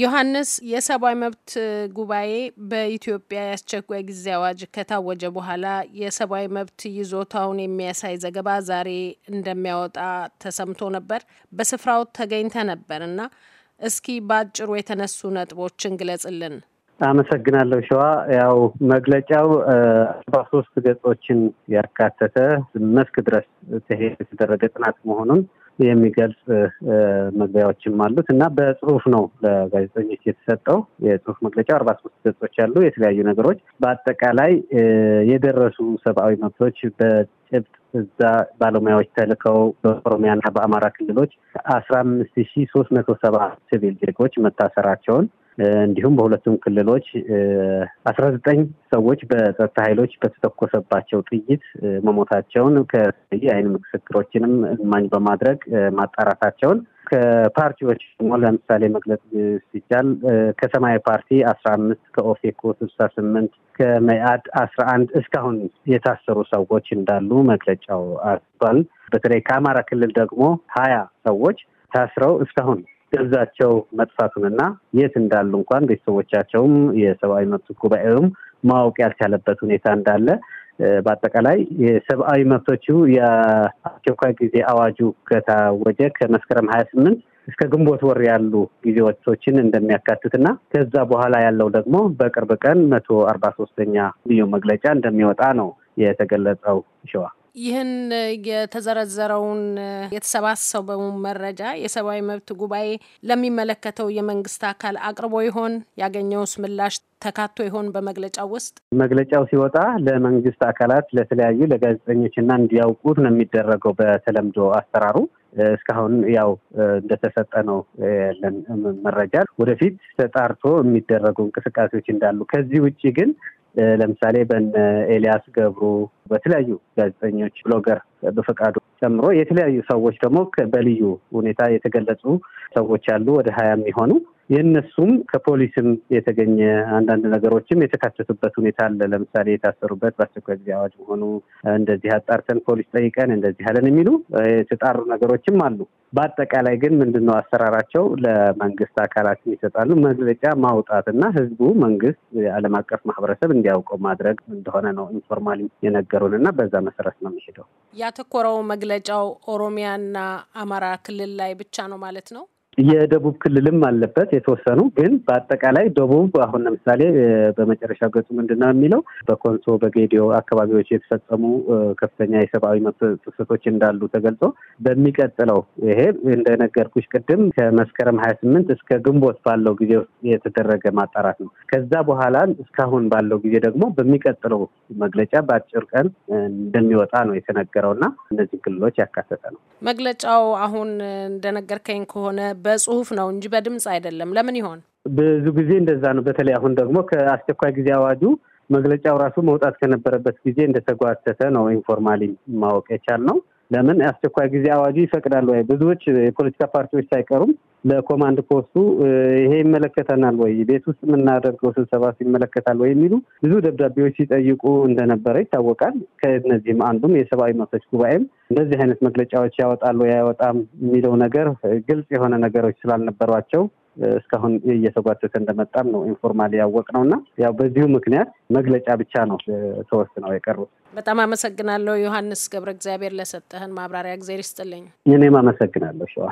ዮሐንስ የሰብአዊ መብት ጉባኤ በኢትዮጵያ የአስቸኳይ ጊዜ አዋጅ ከታወጀ በኋላ የሰብአዊ መብት ይዞታውን የሚያሳይ ዘገባ ዛሬ እንደሚያወጣ ተሰምቶ ነበር። በስፍራው ተገኝተ ነበር እና እስኪ በአጭሩ የተነሱ ነጥቦችን ግለጽልን። አመሰግናለሁ ሸዋ። ያው መግለጫው አርባ ሶስት ገጾችን ያካተተ መስክ ድረስ ተሄድ የተደረገ ጥናት መሆኑን የሚገልጽ መግቢያዎችም አሉት እና በጽሁፍ ነው ለጋዜጠኞች የተሰጠው የጽሁፍ መግለጫው አርባ ሶስት ገጾች ያሉ የተለያዩ ነገሮች በአጠቃላይ የደረሱ ሰብአዊ መብቶች በጭብጥ እዛ ባለሙያዎች ተልከው በኦሮሚያና በአማራ ክልሎች አስራ አምስት ሺ ሶስት መቶ ሰባ ሲቪል ዜጎች መታሰራቸውን እንዲሁም በሁለቱም ክልሎች አስራ ዘጠኝ ሰዎች በጸጥታ ኃይሎች በተተኮሰባቸው ጥይት መሞታቸውን ከተለያዩ የዓይን ምስክሮችንም እማኝ በማድረግ ማጣራታቸውን ከፓርቲዎች ደግሞ ለምሳሌ መግለጽ ሲቻል ከሰማያዊ ፓርቲ አስራ አምስት ከኦፌኮ ስልሳ ስምንት ከመኢአድ አስራ አንድ እስካሁን የታሰሩ ሰዎች እንዳሉ መግለጫው አስቷል። በተለይ ከአማራ ክልል ደግሞ ሀያ ሰዎች ታስረው እስካሁን ገዛቸው መጥፋቱንና የት እንዳሉ እንኳን ቤተሰቦቻቸውም የሰብአዊ መብት ጉባኤውም ማወቅ ያልቻለበት ሁኔታ እንዳለ በአጠቃላይ የሰብአዊ መብቶቹ የአስቸኳይ ጊዜ አዋጁ ከታወጀ ከመስከረም ሀያ ስምንት እስከ ግንቦት ወር ያሉ እንደሚያካትት እንደሚያካትትና ከዛ በኋላ ያለው ደግሞ በቅርብ ቀን መቶ አርባ ሶስተኛ ልዩ መግለጫ እንደሚወጣ ነው የተገለጸው። ሸዋ ይህን የተዘረዘረውን የተሰባሰበውን መረጃ የሰብአዊ መብት ጉባኤ ለሚመለከተው የመንግስት አካል አቅርቦ ይሆን? ያገኘውስ ምላሽ ተካቶ ይሆን? በመግለጫው ውስጥ መግለጫው ሲወጣ ለመንግስት አካላት ለተለያዩ ለጋዜጠኞችና እንዲያውቁት ነው የሚደረገው በተለምዶ አሰራሩ። እስካሁን ያው እንደተሰጠ ነው ያለን መረጃ። ወደፊት ተጣርቶ የሚደረጉ እንቅስቃሴዎች እንዳሉ ከዚህ ውጭ ግን ለምሳሌ በነ ኤልያስ ገብሩ በተለያዩ ጋዜጠኞች፣ ብሎገር በፈቃዱ ጨምሮ የተለያዩ ሰዎች ደግሞ በልዩ ሁኔታ የተገለጹ ሰዎች አሉ ወደ ሀያ የሚሆኑ የእነሱም ከፖሊስም የተገኘ አንዳንድ ነገሮችም የተካተቱበት ሁኔታ አለ። ለምሳሌ የታሰሩበት በአስቸኳይ ጊዜ አዋጅ መሆኑ እንደዚህ አጣርተን ፖሊስ ጠይቀን እንደዚህ አለን የሚሉ የተጣሩ ነገሮችም አሉ። በአጠቃላይ ግን ምንድነው አሰራራቸው ለመንግስት አካላት ይሰጣሉ መግለጫ ማውጣት እና ህዝቡ መንግስት የዓለም አቀፍ ማህበረሰብ እንዲያውቀው ማድረግ እንደሆነ ነው ኢንፎርማሊ የነገሩን እና በዛ መሰረት ነው የሚሄደው። ያተኮረው መግለጫው ኦሮሚያና አማራ ክልል ላይ ብቻ ነው ማለት ነው። የደቡብ ክልልም አለበት የተወሰኑ ግን በአጠቃላይ ደቡብ አሁን ለምሳሌ በመጨረሻ ገጹ ምንድን ነው የሚለው በኮንሶ በጌዲዮ አካባቢዎች የተፈጸሙ ከፍተኛ የሰብአዊ መብት ጥሰቶች እንዳሉ ተገልጾ በሚቀጥለው ይሄ እንደነገርኩሽ ቅድም ከመስከረም ሀያ ስምንት እስከ ግንቦት ባለው ጊዜ ውስጥ የተደረገ ማጣራት ነው። ከዛ በኋላ እስካሁን ባለው ጊዜ ደግሞ በሚቀጥለው መግለጫ በአጭር ቀን እንደሚወጣ ነው የተነገረው እና እነዚህ ክልሎች ያካተተ ነው መግለጫው አሁን እንደነገርከኝ ከሆነ በጽሁፍ ነው እንጂ በድምፅ አይደለም። ለምን ይሆን? ብዙ ጊዜ እንደዛ ነው። በተለይ አሁን ደግሞ ከአስቸኳይ ጊዜ አዋጁ መግለጫው ራሱ መውጣት ከነበረበት ጊዜ እንደተጓተተ ነው ኢንፎርማሊ ማወቅ የቻልነው። ለምን አስቸኳይ ጊዜ አዋጁ ይፈቅዳል ወይ? ብዙዎች የፖለቲካ ፓርቲዎች ሳይቀሩም ለኮማንድ ፖስቱ ይሄ ይመለከተናል ወይ፣ ቤት ውስጥ የምናደርገው ስብሰባ ይመለከታል ወይ የሚሉ ብዙ ደብዳቤዎች ሲጠይቁ እንደነበረ ይታወቃል። ከእነዚህም አንዱም የሰብአዊ መብቶች ጉባኤም እንደዚህ አይነት መግለጫዎች ያወጣሉ ያወጣም የሚለው ነገር ግልጽ የሆነ ነገሮች ስላልነበሯቸው እስካሁን እየተጓተተ እንደመጣም ነው ኢንፎርማል ያወቅ ነው እና ያው በዚሁ ምክንያት መግለጫ ብቻ ነው ተወስነው የቀሩት። በጣም አመሰግናለሁ ዮሐንስ ገብረ እግዚአብሔር ለሰጠህን ማብራሪያ እግዜር ይስጥልኝ። እኔም አመሰግናለሁ ሸዋ